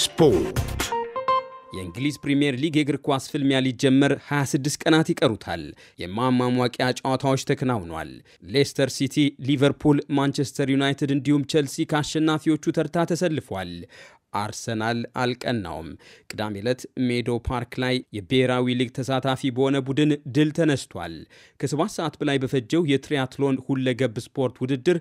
ስፖርት የእንግሊዝ ፕሪምየር ሊግ የእግር ኳስ ፍልሚያ ሊጀመር 26 ቀናት ይቀሩታል። የማማሟቂያ ጨዋታዎች ተከናውኗል። ሌስተር ሲቲ፣ ሊቨርፑል፣ ማንቸስተር ዩናይትድ እንዲሁም ቸልሲ ከአሸናፊዎቹ ተርታ ተሰልፏል። አርሰናል አልቀናውም። ቅዳሜ ዕለት ሜዶ ፓርክ ላይ የብሔራዊ ሊግ ተሳታፊ በሆነ ቡድን ድል ተነስቷል። ከሰባት ሰዓት በላይ በፈጀው የትሪያትሎን ሁለገብ ስፖርት ውድድር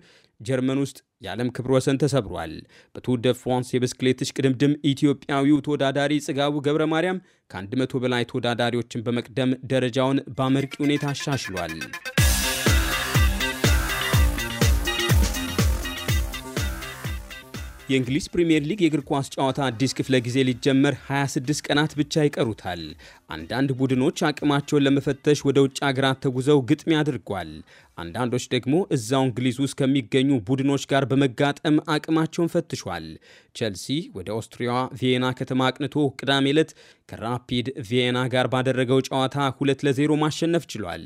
ጀርመን ውስጥ የዓለም ክብረ ወሰን ተሰብሯል። በቱር ደ ፍራንስ የብስክሌት እሽቅድምድም ኢትዮጵያዊው ተወዳዳሪ ጽጋቡ ገብረ ማርያም ከ100 በላይ ተወዳዳሪዎችን በመቅደም ደረጃውን በአመርቂ ሁኔታ አሻሽሏል። የእንግሊዝ ፕሪምየር ሊግ የእግር ኳስ ጨዋታ አዲስ ክፍለ ጊዜ ሊጀመር 26 ቀናት ብቻ ይቀሩታል። አንዳንድ ቡድኖች አቅማቸውን ለመፈተሽ ወደ ውጭ አገራት ተጉዘው ግጥሚያ አድርጓል። አንዳንዶች ደግሞ እዛው እንግሊዝ ውስጥ ከሚገኙ ቡድኖች ጋር በመጋጠም አቅማቸውን ፈትሿል። ቼልሲ ወደ ኦስትሪያዋ ቪየና ከተማ አቅንቶ ቅዳሜ ዕለት ከራፒድ ቪየና ጋር ባደረገው ጨዋታ ሁለት ለዜሮ ማሸነፍ ችሏል።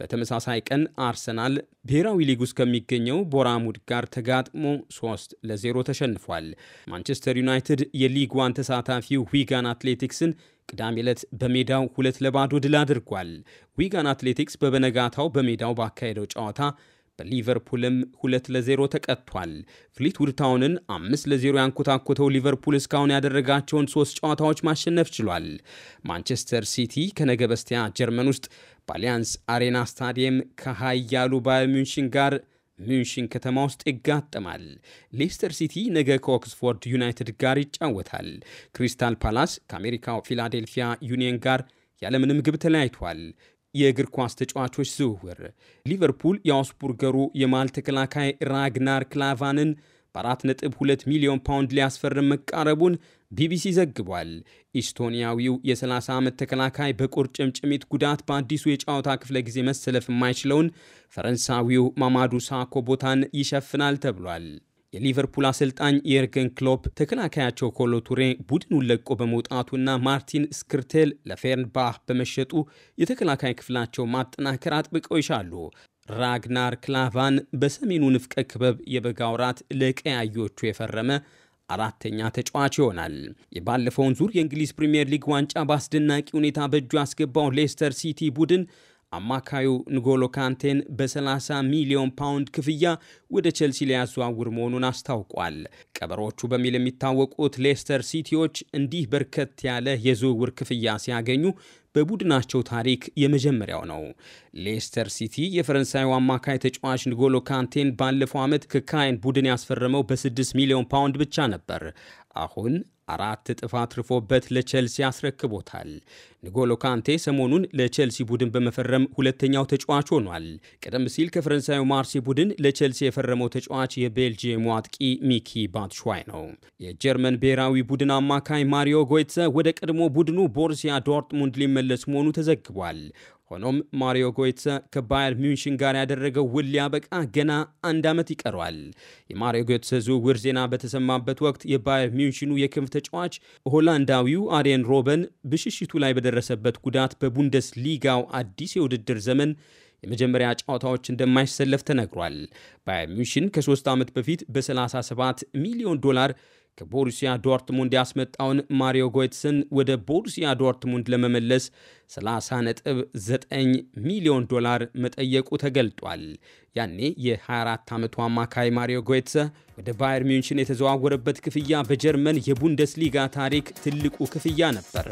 በተመሳሳይ ቀን አርሰናል ብሔራዊ ሊግ ውስጥ ከሚገኘው ቦራሙድ ጋር ተጋጥሞ ሶስት ለዜሮ ተሸንፏል። ማንቸስተር ዩናይትድ የሊግ ዋን ተሳታፊው ዊጋን አትሌቲክስን ቅዳሜ ዕለት በሜዳው ሁለት ለባዶ ድል አድርጓል። ዊጋን አትሌቲክስ በበነጋታው በሜዳው ባካሄደው ጨዋታ በሊቨርፑልም ሁለት ለዜሮ ተቀጥቷል። ፍሊትውድ ታውንን አምስት ለዜሮ ያንኮታኮተው ሊቨርፑል እስካሁን ያደረጋቸውን ሶስት ጨዋታዎች ማሸነፍ ችሏል። ማንቸስተር ሲቲ ከነገ በስቲያ ጀርመን ውስጥ በአሊያንስ አሬና ስታዲየም ከሀያሉ ባየር ሚንሽን ጋር ሚንሽን ከተማ ውስጥ ይጋጠማል። ሌስተር ሲቲ ነገ ከኦክስፎርድ ዩናይትድ ጋር ይጫወታል። ክሪስታል ፓላስ ከአሜሪካው ፊላዴልፊያ ዩኒየን ጋር ያለምንም ግብ ተለያይቷል። የእግር ኳስ ተጫዋቾች ዝውውር ሊቨርፑል የአውስቡርገሩ የማል ተከላካይ ራግናር ክላቫንን በ4.2 ሚሊዮን ፓውንድ ሊያስፈርም መቃረቡን ቢቢሲ ዘግቧል። ኢስቶኒያዊው የ30 ዓመት ተከላካይ በቁርጭምጭሚት ጉዳት በአዲሱ የጨዋታ ክፍለ ጊዜ መሰለፍ የማይችለውን ፈረንሳዊው ማማዱ ሳኮ ቦታን ይሸፍናል ተብሏል። የሊቨርፑል አሰልጣኝ የርገን ክሎፕ ተከላካያቸው ኮሎቱሬ ቡድኑን ለቆ በመውጣቱና ማርቲን ስክርቴል ለፌርንባህ በመሸጡ የተከላካይ ክፍላቸው ማጠናከር አጥብቀው ይሻሉ። ራግናር ክላቫን በሰሜኑ ንፍቀ ክበብ የበጋ ወራት ለቀያዮቹ የፈረመ አራተኛ ተጫዋች ይሆናል። የባለፈውን ዙር የእንግሊዝ ፕሪምየር ሊግ ዋንጫ በአስደናቂ ሁኔታ በእጁ ያስገባው ሌስተር ሲቲ ቡድን አማካዩ ንጎሎ ካንቴን በ30 ሚሊዮን ፓውንድ ክፍያ ወደ ቼልሲ ሊያዘዋውር መሆኑን አስታውቋል። ቀበሮቹ በሚል የሚታወቁት ሌስተር ሲቲዎች እንዲህ በርከት ያለ የዝውውር ክፍያ ሲያገኙ በቡድናቸው ታሪክ የመጀመሪያው ነው። ሌስተር ሲቲ የፈረንሳዩ አማካይ ተጫዋች ንጎሎ ካንቴን ባለፈው ዓመት ከካይን ቡድን ያስፈረመው በ6 ሚሊዮን ፓውንድ ብቻ ነበር። አሁን አራት እጥፍ አትርፎበት ለቼልሲ አስረክቦታል። ንጎሎ ካንቴ ሰሞኑን ለቼልሲ ቡድን በመፈረም ሁለተኛው ተጫዋች ሆኗል። ቀደም ሲል ከፈረንሳዩ ማርሲ ቡድን ለቼልሲ የፈረመው ተጫዋች የቤልጅየሙ አጥቂ ሚኪ ባትሽዋይ ነው። የጀርመን ብሔራዊ ቡድን አማካይ ማሪዮ ጎይትሰ ወደ ቀድሞ ቡድኑ ቦሩሲያ ዶርትሙንድ ሊመለስ መሆኑ ተዘግቧል። ሆኖም ማሪዮ ጎይትሰ ከባየር ሚንሽን ጋር ያደረገው ውል ሊያበቃ ገና አንድ ዓመት ይቀረዋል። የማሪዮ ጎይትሰ ዝውውር ዜና በተሰማበት ወቅት የባየር ሚንሽኑ የክንፍ ተጫዋች ሆላንዳዊው አርየን ሮበን ብሽሽቱ ላይ በደረሰበት ጉዳት በቡንደስ ሊጋው አዲስ የውድድር ዘመን የመጀመሪያ ጨዋታዎች እንደማይሰለፍ ተነግሯል። ባየር ሚንሽን ከሶስት ዓመት በፊት በ37 ሚሊዮን ዶላር ከቦሩሲያ ዶርትሙንድ ያስመጣውን ማሪዮ ጎይትስን ወደ ቦሩሲያ ዶርትሙንድ ለመመለስ 30.9 ሚሊዮን ዶላር መጠየቁ ተገልጧል። ያኔ የ24 ዓመቱ አማካይ ማሪዮ ጎይትሰ ወደ ባየር ሚንሽን የተዘዋወረበት ክፍያ በጀርመን የቡንደስሊጋ ታሪክ ትልቁ ክፍያ ነበር።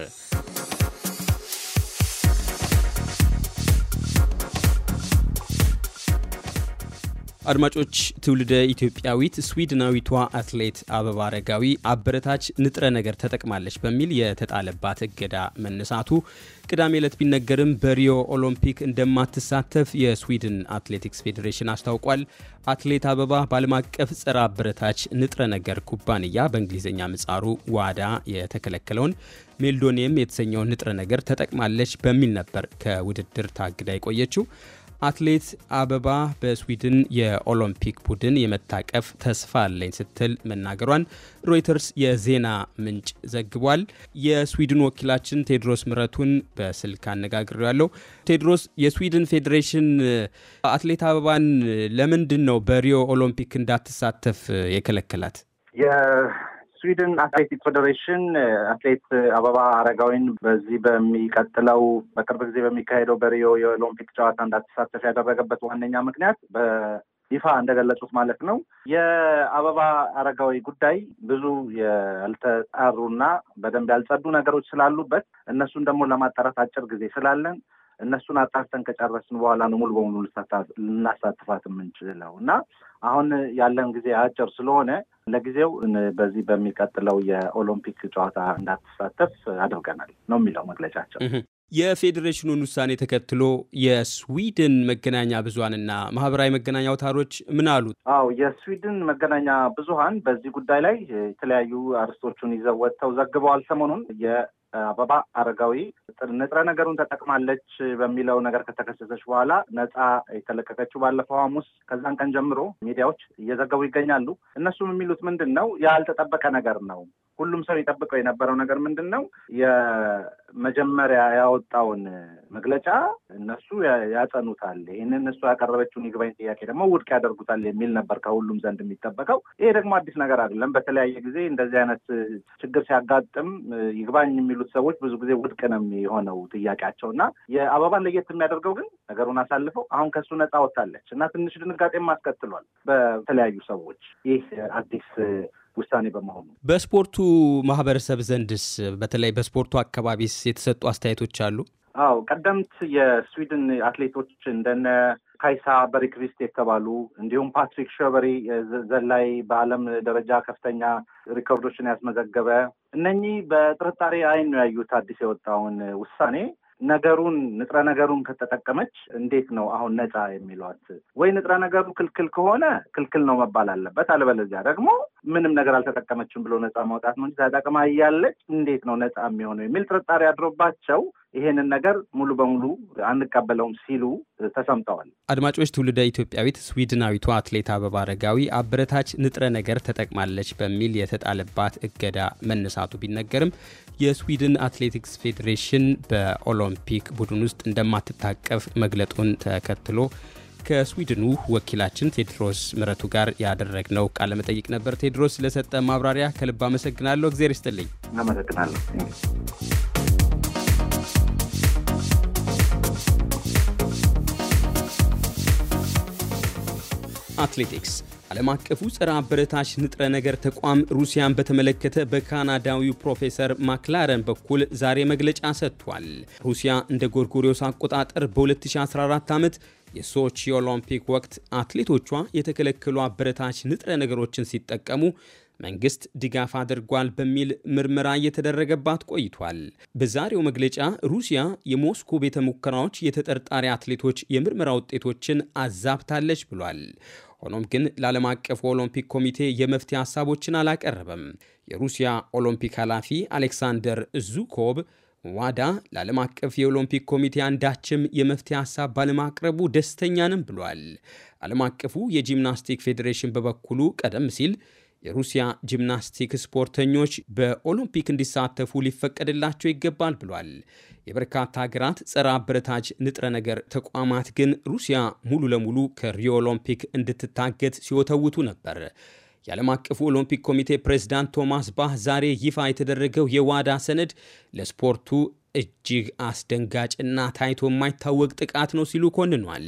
አድማጮች ትውልደ ኢትዮጵያዊት ስዊድናዊቷ አትሌት አበባ አረጋዊ አበረታች ንጥረ ነገር ተጠቅማለች በሚል የተጣለባት እገዳ መነሳቱ ቅዳሜ ዕለት ቢነገርም በሪዮ ኦሎምፒክ እንደማትሳተፍ የስዊድን አትሌቲክስ ፌዴሬሽን አስታውቋል። አትሌት አበባ በዓለም አቀፍ ጸረ አበረታች ንጥረ ነገር ኩባንያ በእንግሊዝኛ ምጻሩ ዋዳ የተከለከለውን ሜልዶኒየም የተሰኘውን ንጥረ ነገር ተጠቅማለች በሚል ነበር ከውድድር ታግዳ የቆየችው። አትሌት አበባ በስዊድን የኦሎምፒክ ቡድን የመታቀፍ ተስፋ አለኝ ስትል መናገሯን ሮይተርስ የዜና ምንጭ ዘግቧል። የስዊድን ወኪላችን ቴድሮስ ምረቱን በስልክ አነጋግሬ ያለው ቴድሮስ፣ የስዊድን ፌዴሬሽን አትሌት አበባን ለምንድን ነው በሪዮ ኦሎምፒክ እንዳትሳተፍ የከለከላት? የስዊድን አትሌቲክ ፌዴሬሽን አትሌት አበባ አረጋዊን በዚህ በሚቀጥለው በቅርብ ጊዜ በሚካሄደው በሪዮ የኦሎምፒክ ጨዋታ እንዳትሳተፍ ያደረገበት ዋነኛ ምክንያት በይፋ እንደገለጹት ማለት ነው የአበባ አረጋዊ ጉዳይ ብዙ ያልተጣሩና በደንብ ያልጸዱ ነገሮች ስላሉበት እነሱን ደግሞ ለማጣራት አጭር ጊዜ ስላለን እነሱን አጣርተን ከጨረስን በኋላ ነው ሙሉ በሙሉ ልናሳትፋት የምንችለው እና አሁን ያለን ጊዜ አጭር ስለሆነ ለጊዜው በዚህ በሚቀጥለው የኦሎምፒክ ጨዋታ እንዳትሳተፍ አድርገናል ነው የሚለው መግለጫቸው። የፌዴሬሽኑን ውሳኔ ተከትሎ የስዊድን መገናኛ ብዙሀንና ማህበራዊ መገናኛ አውታሮች ምን አሉት? አዎ የስዊድን መገናኛ ብዙሀን በዚህ ጉዳይ ላይ የተለያዩ አርዕስቶቹን ይዘው ወጥተው ዘግበዋል። ሰሞኑን አበባ አረጋዊ ንጥረ ነገሩን ተጠቅማለች በሚለው ነገር ከተከሰሰች በኋላ ነፃ የተለቀቀችው ባለፈው ሐሙስ። ከዛን ቀን ጀምሮ ሚዲያዎች እየዘገቡ ይገኛሉ። እነሱም የሚሉት ምንድን ነው? ያልተጠበቀ ነገር ነው። ሁሉም ሰው ይጠብቀው የነበረው ነገር ምንድን ነው? የመጀመሪያ ያወጣውን መግለጫ እነሱ ያጸኑታል፣ ይህን እነሱ ያቀረበችውን ይግባኝ ጥያቄ ደግሞ ውድቅ ያደርጉታል የሚል ነበር ከሁሉም ዘንድ የሚጠበቀው። ይሄ ደግሞ አዲስ ነገር አይደለም። በተለያየ ጊዜ እንደዚህ አይነት ችግር ሲያጋጥም ይግባኝ የሚሉት ሰዎች ብዙ ጊዜ ውድቅ ነው የሆነው ጥያቄያቸው እና የአበባን ለየት የሚያደርገው ግን ነገሩን አሳልፈው አሁን ከሱ ነፃ ወጥታለች እና ትንሽ ድንጋጤም አስከትሏል በተለያዩ ሰዎች ይህ አዲስ ውሳኔ በመሆኑ በስፖርቱ ማህበረሰብ ዘንድስ በተለይ በስፖርቱ አካባቢስ የተሰጡ አስተያየቶች አሉ? አዎ ቀደምት የስዊድን አትሌቶች እንደነ ካይሳ በሪክቪስት የተባሉ እንዲሁም ፓትሪክ ሸበሪ ዘላይ በዓለም ደረጃ ከፍተኛ ሪኮርዶችን ያስመዘገበ እነኚህ በጥርጣሬ አይን ነው ያዩት አዲስ የወጣውን ውሳኔ። ነገሩን ንጥረ ነገሩን ከተጠቀመች እንዴት ነው አሁን ነፃ የሚሏት? ወይ ንጥረ ነገሩ ክልክል ከሆነ ክልክል ነው መባል አለበት። አለበለዚያ ደግሞ ምንም ነገር አልተጠቀመችም ብሎ ነፃ ማውጣት ነው እንጂ ተጠቅማ እያለች እንዴት ነው ነፃ የሚሆነው የሚል ጥርጣሬ አድሮባቸው ይሄንን ነገር ሙሉ በሙሉ አንቀበለውም ሲሉ ተሰምተዋል። አድማጮች፣ ትውልደ ኢትዮጵያዊት ስዊድናዊቷ አትሌት አበባ አረጋዊ አበረታች ንጥረ ነገር ተጠቅማለች በሚል የተጣለባት እገዳ መነሳቱ ቢነገርም የስዊድን አትሌቲክስ ፌዴሬሽን በኦሎምፒክ ቡድን ውስጥ እንደማትታቀፍ መግለጡን ተከትሎ ከስዊድኑ ወኪላችን ቴድሮስ ምረቱ ጋር ያደረግነው ቃለ መጠይቅ ነበር። ቴድሮስ ስለሰጠ ማብራሪያ ከልብ አመሰግናለሁ። እግዜር ይስጥልኝ። አመሰግናለሁ። አትሌቲክስ ዓለም አቀፉ ጸረ አበረታች ንጥረ ነገር ተቋም ሩሲያን በተመለከተ በካናዳዊው ፕሮፌሰር ማክላረን በኩል ዛሬ መግለጫ ሰጥቷል። ሩሲያ እንደ ጎርጎሪዮስ አቆጣጠር በ2014 ዓመት የሶቺ ኦሎምፒክ ወቅት አትሌቶቿ የተከለከሉ አበረታች ንጥረ ነገሮችን ሲጠቀሙ መንግስት ድጋፍ አድርጓል በሚል ምርመራ እየተደረገባት ቆይቷል። በዛሬው መግለጫ ሩሲያ የሞስኮ ቤተ ሙከራዎች የተጠርጣሪ አትሌቶች የምርመራ ውጤቶችን አዛብታለች ብሏል። ሆኖም ግን ለዓለም አቀፉ ኦሎምፒክ ኮሚቴ የመፍትሄ ሀሳቦችን አላቀረበም። የሩሲያ ኦሎምፒክ ኃላፊ አሌክሳንደር ዙኮብ ዋዳ ለዓለም አቀፍ የኦሎምፒክ ኮሚቴ አንዳችም የመፍትሄ ሀሳብ ባለማቅረቡ ደስተኛንም ብሏል። ዓለም አቀፉ የጂምናስቲክ ፌዴሬሽን በበኩሉ ቀደም ሲል የሩሲያ ጂምናስቲክ ስፖርተኞች በኦሎምፒክ እንዲሳተፉ ሊፈቀድላቸው ይገባል ብሏል። የበርካታ ሀገራት ጸረ አበረታች ንጥረ ነገር ተቋማት ግን ሩሲያ ሙሉ ለሙሉ ከሪዮ ኦሎምፒክ እንድትታገት ሲወተውቱ ነበር። የዓለም አቀፉ ኦሎምፒክ ኮሚቴ ፕሬዝዳንት ቶማስ ባህ ዛሬ ይፋ የተደረገው የዋዳ ሰነድ ለስፖርቱ እጅግ አስደንጋጭና ታይቶ የማይታወቅ ጥቃት ነው ሲሉ ኮንኗል።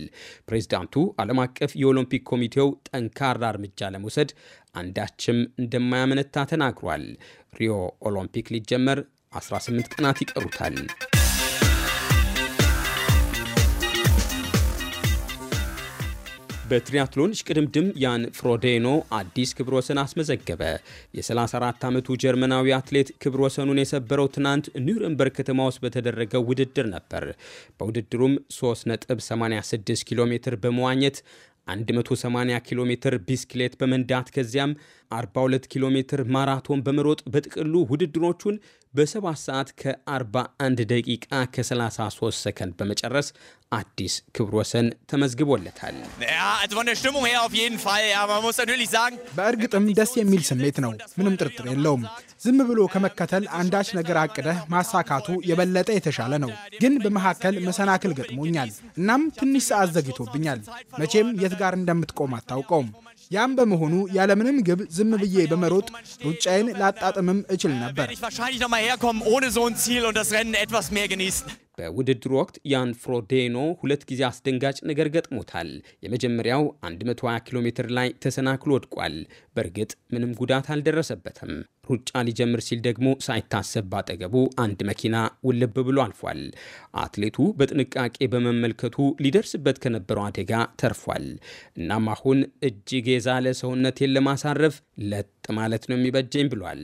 ፕሬዚዳንቱ ዓለም አቀፍ የኦሎምፒክ ኮሚቴው ጠንካራ እርምጃ ለመውሰድ አንዳችም እንደማያመነታ ተናግሯል። ሪዮ ኦሎምፒክ ሊጀመር 18 ቀናት ይቀሩታል። በትሪያትሎን ሽቅድምድም ያን ፍሮዴኖ አዲስ ክብረ ወሰን አስመዘገበ። የ34 ዓመቱ ጀርመናዊ አትሌት ክብረ ወሰኑን የሰበረው ትናንት ኒውረምበርግ ከተማ ውስጥ በተደረገው ውድድር ነበር። በውድድሩም 3.86 ኪሎ ሜትር በመዋኘት 180 ኪሎ ሜትር ቢስክሌት በመንዳት ከዚያም 42 ኪሎ ሜትር ማራቶን በመሮጥ በጥቅሉ ውድድሮቹን በ7 ሰዓት ከ41 ደቂቃ ከ33 ሰከንድ በመጨረስ አዲስ ክብር ወሰን ተመዝግቦለታል። በእርግጥም ደስ የሚል ስሜት ነው፣ ምንም ጥርጥር የለውም። ዝም ብሎ ከመከተል አንዳች ነገር አቅደህ ማሳካቱ የበለጠ የተሻለ ነው። ግን በመካከል መሰናክል ገጥሞኛል። እናም ትንሽ ሰዓት ዘግቶብኛል። መቼም የት ጋር እንደምትቆም አታውቀውም። ያም በመሆኑ ያለምንም ግብ ዝም ብዬ በመሮጥ ሩጫዬን ላጣጥምም እችል ነበር። በውድድሩ ወቅት ያን ፍሮዴኖ ሁለት ጊዜ አስደንጋጭ ነገር ገጥሞታል። የመጀመሪያው 120 ኪሎ ሜትር ላይ ተሰናክሎ ወድቋል። በእርግጥ ምንም ጉዳት አልደረሰበትም። ሩጫ ሊጀምር ሲል ደግሞ ሳይታሰብ ባጠገቡ አንድ መኪና ውልብ ብሎ አልፏል። አትሌቱ በጥንቃቄ በመመልከቱ ሊደርስበት ከነበረው አደጋ ተርፏል። እናም አሁን እጅግ የዛለ ሰውነቴን ለማሳረፍ ለጥ ማለት ነው የሚበጀኝ ብሏል።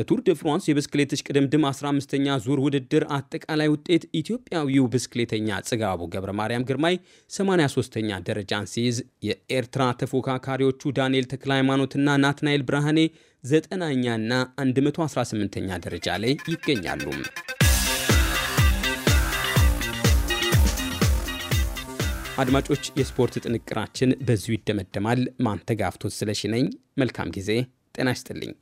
በቱር ደ ፍራንስ የብስክሌቶች ቅድምድም 15ኛ ዙር ውድድር አጠቃላይ ውጤት ኢትዮጵያዊው ብስክሌተኛ ጽጋቡ ገብረ ማርያም ግርማይ 83ኛ ደረጃን ሲይዝ የኤርትራ ተፎካካሪዎቹ ዳንኤል ተክለ ሃይማኖትና ናትናኤል ብርሃኔ 9ኛና 118ኛ ደረጃ ላይ ይገኛሉ። አድማጮች፣ የስፖርት ጥንቅራችን በዚሁ ይደመደማል። ማንተጋፍቶት ስለሺ ነኝ። መልካም ጊዜ። ጤና ይስጥልኝ።